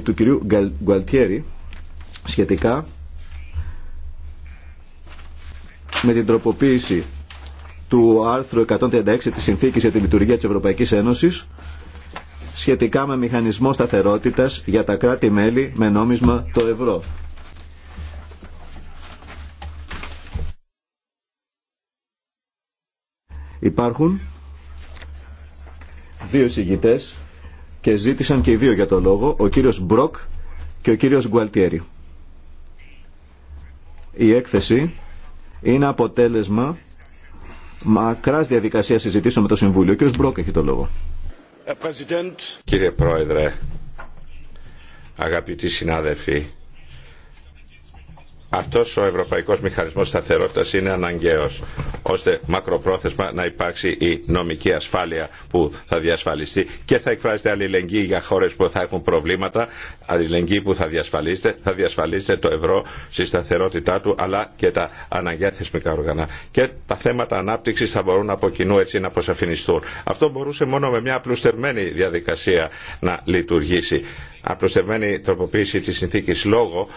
του κυρίου Γκουαλτιέρη σχετικά με την τροποποίηση του άρθρου 136 της Συνθήκης για τη Λειτουργία της Ευρωπαϊκής Ένωσης σχετικά με μηχανισμό σταθερότητας για τα κράτη-μέλη με νόμισμα το ευρώ. Υπάρχουν δύο συγγητές και ζήτησαν και οι δύο για το λόγο, ο κύριος Μπροκ και ο κύριος Γκουαλτιέρη. Η έκθεση είναι αποτέλεσμα μακράς διαδικασίας συζητήσεων με το Συμβούλιο. Ο κύριος Μπροκ έχει το λόγο. Κύριε Πρόεδρε, αγαπητοί συνάδελφοι, αυτός ο Ευρωπαϊκός Μηχανισμός Σταθερότητας είναι αναγκαίος ώστε μακροπρόθεσμα να υπάρξει η νομική ασφάλεια που θα διασφαλιστεί και θα εκφράζεται αλληλεγγύη για χώρε που θα έχουν προβλήματα, αλληλεγγύη που θα διασφαλίσετε, θα διασφαλίσετε το ευρώ στη σταθερότητά του αλλά και τα αναγκαία θεσμικά όργανα. Και τα θέματα ανάπτυξη θα μπορούν από κοινού έτσι να αποσαφινιστούν. Αυτό μπορούσε μόνο με μια απλουστευμένη διαδικασία να λειτουργήσει. Απλουστευμένη τροποποίηση τη συνθήκη λόγω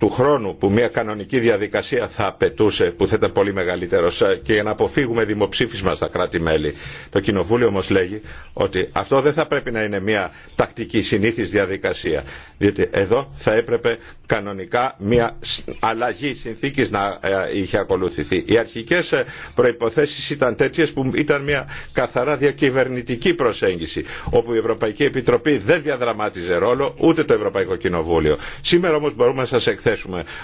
του χρόνου που μια κανονική διαδικασία θα απαιτούσε, που θα ήταν πολύ μεγαλύτερο, ε, και για να αποφύγουμε δημοψήφισμα στα κράτη-μέλη. Το Κοινοβούλιο όμω λέγει ότι αυτό δεν θα πρέπει να είναι μια τακτική συνήθι διαδικασία. Διότι εδώ θα έπρεπε κανονικά μια αλλαγή συνθήκη να ε, είχε ακολουθηθεί. Οι αρχικέ ε, προποθέσει ήταν τέτοιε που ήταν μια καθαρά διακυβερνητική προσέγγιση, όπου η Ευρωπαϊκή Επιτροπή δεν διαδραμάτιζε ρόλο, ούτε το Ευρωπαϊκό Κοινοβούλιο. Σήμερα όμω μπορούμε να σα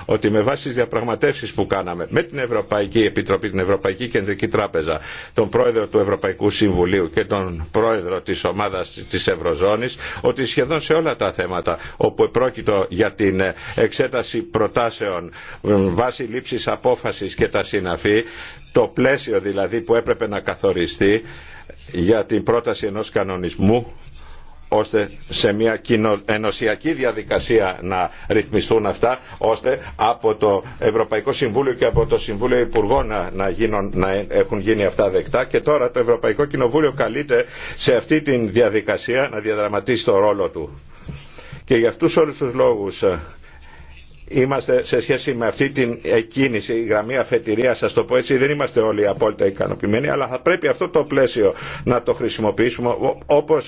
ότι με βάση τι διαπραγματεύσει που κάναμε με την Ευρωπαϊκή Επιτροπή, την Ευρωπαϊκή Κεντρική Τράπεζα, τον πρόεδρο του Ευρωπαϊκού Συμβουλίου και τον πρόεδρο τη ομάδα τη Ευρωζώνη, ότι σχεδόν σε όλα τα θέματα όπου πρόκειτο για την εξέταση προτάσεων βάσει λήψη απόφαση και τα συναφή, το πλαίσιο δηλαδή που έπρεπε να καθοριστεί για την πρόταση ενός κανονισμού ώστε σε μια ενωσιακή διαδικασία να ρυθμιστούν αυτά, ώστε από το Ευρωπαϊκό Συμβούλιο και από το Συμβούλιο Υπουργών να, να, γίνουν, να έχουν γίνει αυτά δεκτά και τώρα το Ευρωπαϊκό Κοινοβούλιο καλείται σε αυτή τη διαδικασία να διαδραματίσει το ρόλο του. Και για αυτούς όλους τους λόγους είμαστε σε σχέση με αυτή την εκκίνηση, η γραμμή αφετηρία, σα το πω έτσι, δεν είμαστε όλοι απόλυτα ικανοποιημένοι, αλλά θα πρέπει αυτό το πλαίσιο να το χρησιμοποιήσουμε όπω ε,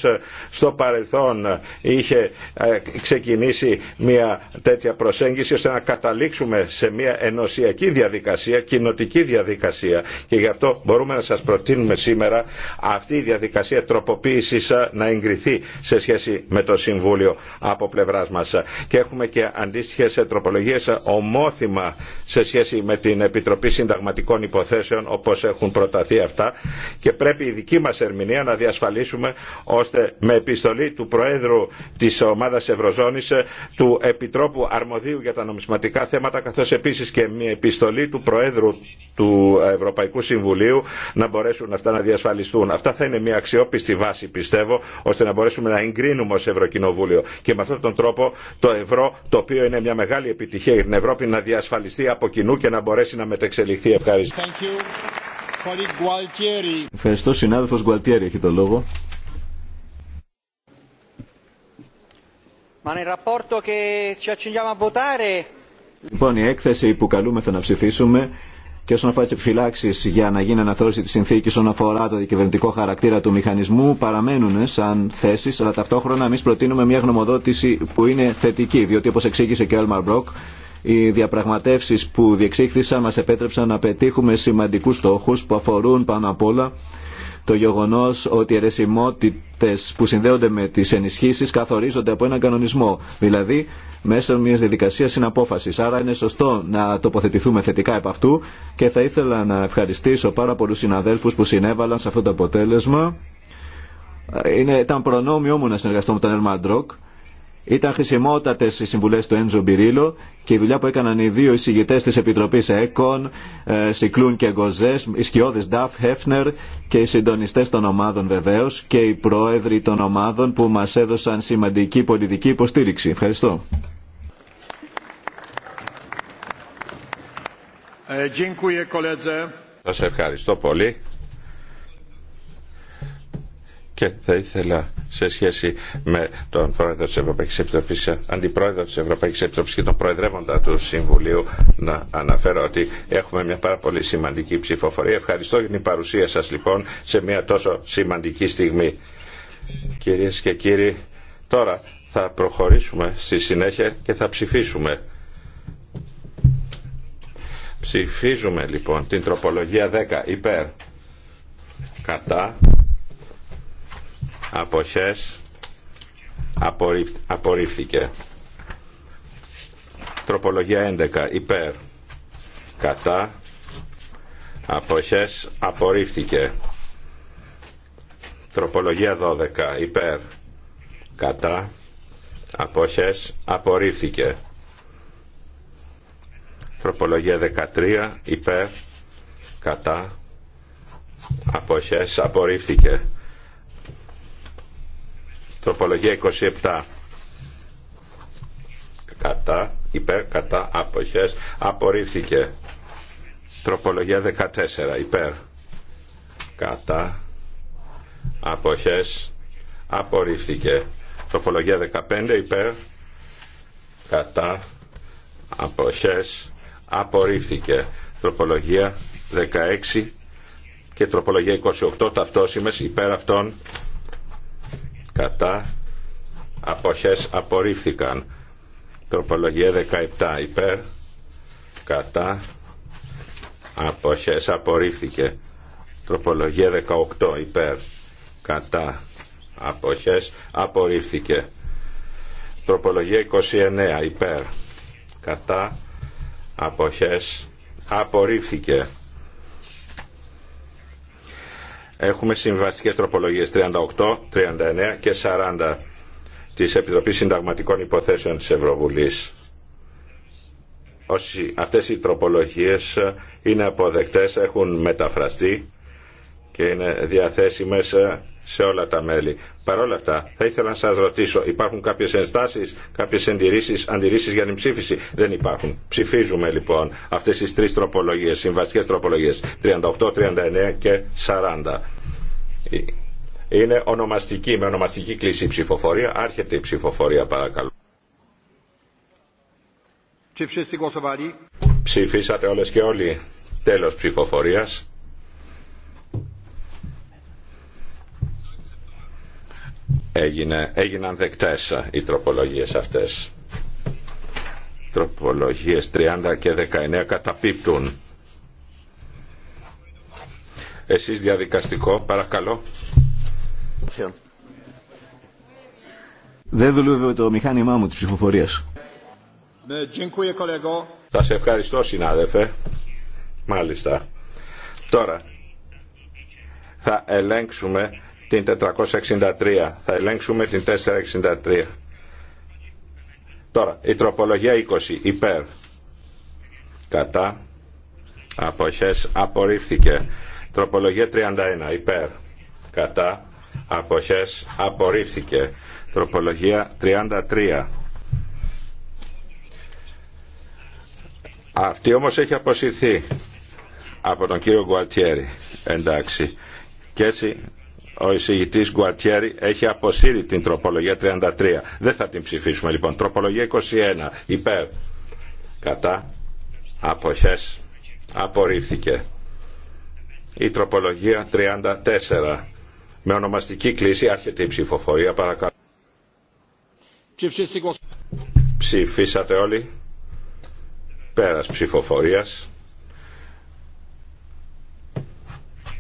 στο παρελθόν είχε ε, ξεκινήσει μια τέτοια προσέγγιση, ώστε να καταλήξουμε σε μια ενωσιακή διαδικασία, κοινοτική διαδικασία. Και γι' αυτό μπορούμε να σα προτείνουμε σήμερα αυτή η διαδικασία τροποποίηση ε, να εγκριθεί σε σχέση με το Συμβούλιο από πλευρά μα. Και έχουμε και αντίστοιχε τροποποίησει τροπολογίες ομόθυμα σε σχέση με την Επιτροπή Συνταγματικών Υποθέσεων όπως έχουν προταθεί αυτά και πρέπει η δική μας ερμηνεία να διασφαλίσουμε ώστε με επιστολή του Προέδρου της Ομάδας Ευρωζώνης του Επιτρόπου Αρμοδίου για τα νομισματικά θέματα καθώς επίσης και με επιστολή του Προέδρου του Ευρωπαϊκού Συμβουλίου να μπορέσουν αυτά να διασφαλιστούν. Αυτά θα είναι μια αξιόπιστη βάση πιστεύω ώστε να μπορέσουμε να εγκρίνουμε ως Ευρωκοινοβούλιο και με αυτόν τον τρόπο το ευρώ το οποίο είναι μια μεγάλη επιτυχία για την Ευρώπη να διασφαλιστεί από κοινού και να μπορέσει να μετεξελιχθεί. Ευχαριστώ. Ευχαριστώ συνάδελφο Γκουαλτιέρη έχει το λόγο. Λοιπόν, η έκθεση που καλούμεθα να ψηφίσουμε και όσον αφορά τι επιφυλάξει για να γίνει αναθεώρηση τη συνθήκη όσον αφορά το δικαιωματικό χαρακτήρα του μηχανισμού, παραμένουν ε, σαν θέσει, αλλά ταυτόχρονα εμεί προτείνουμε μια γνωμοδότηση που είναι θετική, διότι όπω εξήγησε και ο Έλμαρ Μπροκ, οι διαπραγματεύσει που διεξήχθησαν μα επέτρεψαν να πετύχουμε σημαντικού στόχου που αφορούν πάνω απ' όλα το γεγονός ότι οι αιρεσιμότητε που συνδέονται με τις ενισχύσεις καθορίζονται από έναν κανονισμό, δηλαδή μέσα μια διαδικασία συναπόφασης. Άρα είναι σωστό να τοποθετηθούμε θετικά επ' αυτού και θα ήθελα να ευχαριστήσω πάρα πολλού συναδέλφους που συνέβαλαν σε αυτό το αποτέλεσμα. Είναι, ήταν προνόμιό μου να συνεργαστώ με τον Ροκ. Ήταν χρησιμότατε οι συμβουλέ του Έντζο Μπυρίλο και η δουλειά που έκαναν οι δύο εισηγητέ τη Επιτροπή ΕΚΟΝ, ε, Σικλούν και Γκοζέ, οι σκιώδε Νταφ, Χέφνερ και οι συντονιστέ των ομάδων βεβαίω και οι πρόεδροι των ομάδων που μα έδωσαν σημαντική πολιτική υποστήριξη. Ευχαριστώ. Ε, Σα ευχαριστώ πολύ. Και θα ήθελα σε σχέση με τον πρόεδρο τη Ευρωπαϊκή Επιτροπής, αντιπρόεδρο τη Ευρωπαϊκή Επιτροπής και τον προεδρεύοντα του Συμβουλίου να αναφέρω ότι έχουμε μια πάρα πολύ σημαντική ψηφοφορία. Ευχαριστώ για την παρουσία σας λοιπόν σε μια τόσο σημαντική στιγμή. Κυρίε και κύριοι, τώρα θα προχωρήσουμε στη συνέχεια και θα ψηφίσουμε. Ψηφίζουμε λοιπόν την τροπολογία 10 υπέρ κατά αποχές απορρίφθηκε τροπολογία 11 υπέρ κατά αποχές απορρίφθηκε τροπολογία 12 υπέρ κατά αποχές απορρίφθηκε τροπολογία 13 υπέρ κατά αποχές απορρίφθηκε Τροπολογία 27 κατά, υπέρ, κατά, αποχές, απορρίφθηκε. Τροπολογία 14, υπέρ, κατά, αποχές, απορρίφθηκε. Τροπολογία 15, υπέρ, κατά, αποχές, απορρίφθηκε. Τροπολογία 16 και τροπολογία 28 ταυτόσημες υπέρ αυτών κατά αποχές απορρίφθηκαν τροπολογία 17 υπέρ κατά αποχές απορρίφθηκε τροπολογία 18 υπέρ κατά αποχές απορρίφθηκε τροπολογία 29 υπέρ κατά αποχές απορρίφθηκε Έχουμε συμβαστικές τροπολογίες 38, 39 και 40 της Επιτροπής Συνταγματικών Υποθέσεων της Ευρωβουλής. Όσοι αυτές οι τροπολογίες είναι αποδεκτές, έχουν μεταφραστεί και είναι διαθέσιμες σε όλα τα μέλη. Παρ' όλα αυτά, θα ήθελα να σα ρωτήσω, υπάρχουν κάποιε ενστάσει, κάποιε αντιρρήσει για την ψήφιση. Δεν υπάρχουν. Ψηφίζουμε λοιπόν αυτέ τι τρει τροπολογίε, συμβασικέ τροπολογίε, 38, 39 και 40. Είναι ονομαστική, με ονομαστική κλίση η ψηφοφορία. Άρχεται η ψηφοφορία, παρακαλώ. Ψηφίσατε όλε και όλοι. τέλο ψηφοφορία. Έγινε, έγιναν δεκτές ε, οι τροπολογίες αυτές. Τροπολογίες 30 και 19 καταπίπτουν. Εσείς διαδικαστικό, παρακαλώ. Δεν δουλεύει το μηχάνημά μου της ψηφοφορίας. Ναι, θα σε ευχαριστώ συνάδελφε. Μάλιστα. Τώρα θα ελέγξουμε την 463. Θα ελέγξουμε την 463. Τώρα, η τροπολογία 20. Υπέρ. Κατά. Αποχές. Απορρίφθηκε. Τροπολογία 31. Υπέρ. Κατά. Αποχές. Απορρίφθηκε. Τροπολογία 33. Αυτή όμως έχει αποσυρθεί από τον κύριο Γκουαλτιέρη. Εντάξει. Και έτσι ο εισηγητή Γκουαρτιέρη έχει αποσύρει την τροπολογία 33. Δεν θα την ψηφίσουμε λοιπόν. Τροπολογία 21. Υπέρ. Κατά. αποχέ. Απορρίφθηκε. Η τροπολογία 34. Με ονομαστική κλίση άρχεται η ψηφοφορία παρακαλώ. Ψηφίσατε όλοι. Πέρας ψηφοφορίας.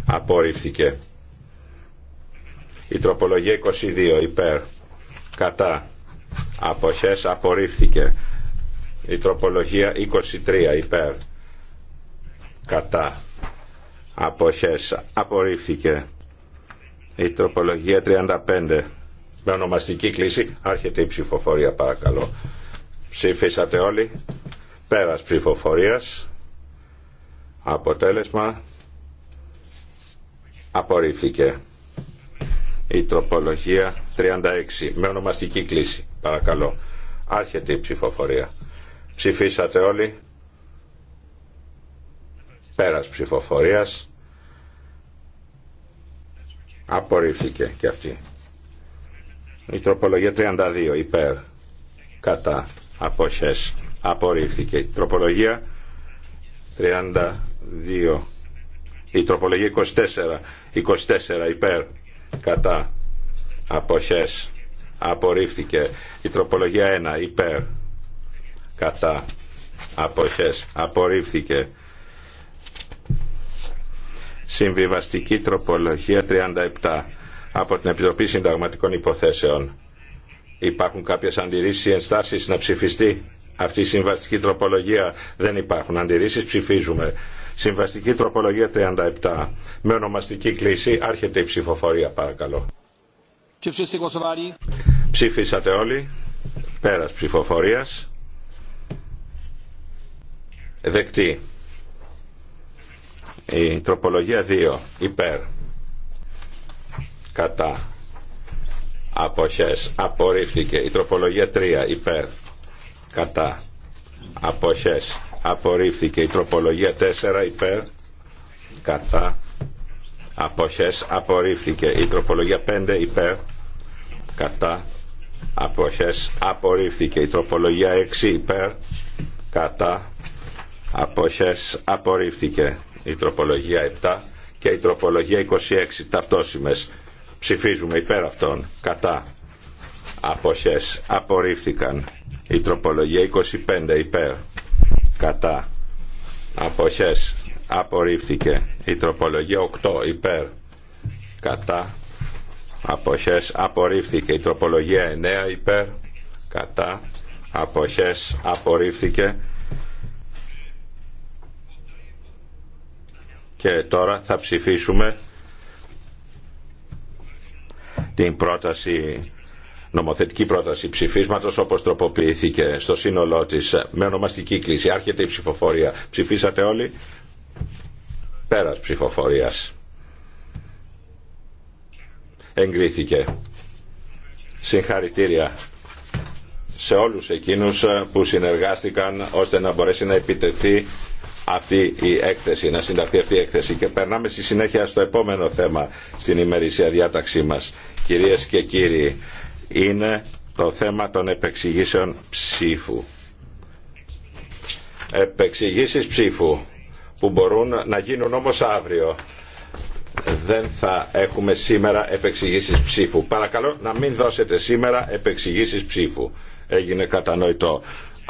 Απορρίφθηκε. Η τροπολογία 22 υπέρ κατά αποχές απορρίφθηκε. Η τροπολογία 23 υπέρ κατά αποχές απορρίφθηκε. Η τροπολογία 35 με ονομαστική κλίση άρχεται η ψηφοφορία παρακαλώ. Ψήφισατε όλοι. Πέρας ψηφοφορίας. Αποτέλεσμα απορρίφθηκε η τροπολογία 36 με ονομαστική κλίση. Παρακαλώ. Άρχεται η ψηφοφορία. Ψηφίσατε όλοι. Πέρας ψηφοφορίας. Απορρίφθηκε και αυτή. Η τροπολογία 32 υπέρ. Κατά. Αποχές. Απορρίφθηκε. Η τροπολογία 32. Η τροπολογία 24. 24 υπέρ κατά αποχές απορρίφθηκε η τροπολογία 1 υπέρ κατά αποχές απορρίφθηκε συμβιβαστική τροπολογία 37 από την Επιτροπή Συνταγματικών Υποθέσεων υπάρχουν κάποιες αντιρρήσεις ή ενστάσεις να ψηφιστεί αυτή η συμβαστική τροπολογία δεν υπάρχουν αντιρρήσεις ψηφίζουμε συμβαστική τροπολογία 37 με ονομαστική κλίση άρχεται η ψηφοφορία παρακαλώ ψήφισατε όλοι πέρας ψηφοφορίας δεκτή η τροπολογία 2 υπέρ κατά αποχές απορρίφθηκε η τροπολογία 3 υπέρ κατά αποχές απορρίφθηκε η τροπολογία 4 υπέρ κατά αποχές απορρίφθηκε η τροπολογία 5 υπέρ κατά αποχές απορρίφθηκε η τροπολογία 6 υπέρ κατά αποχές απορρίφθηκε η τροπολογία 7 και η τροπολογία 26 ταυτόσιμες ψηφίζουμε υπέρ αυτών κατά αποχές απορρίφθηκαν η τροπολογία 25 υπέρ κατά αποχές απορρίφθηκε η τροπολογία 8 υπέρ κατά αποχές απορρίφθηκε η τροπολογία 9 υπέρ κατά αποχές απορρίφθηκε και τώρα θα ψηφίσουμε την πρόταση νομοθετική πρόταση ψηφίσματος όπως τροποποιήθηκε στο σύνολό της με ονομαστική κλίση. Άρχεται η ψηφοφορία. Ψηφίσατε όλοι. Πέρας ψηφοφορίας. Εγκρίθηκε. Συγχαρητήρια σε όλους εκείνους που συνεργάστηκαν ώστε να μπορέσει να επιτεθεί αυτή η έκθεση, να συνταχθεί αυτή η έκθεση. Και περνάμε στη συνέχεια στο επόμενο θέμα στην ημερησία διάταξή μας. Κυρίες και κύριοι, είναι το θέμα των επεξηγήσεων ψήφου. Επεξηγήσεις ψήφου που μπορούν να γίνουν όμως αύριο. Δεν θα έχουμε σήμερα επεξηγήσεις ψήφου. Παρακαλώ να μην δώσετε σήμερα επεξηγήσεις ψήφου. Έγινε κατανοητό.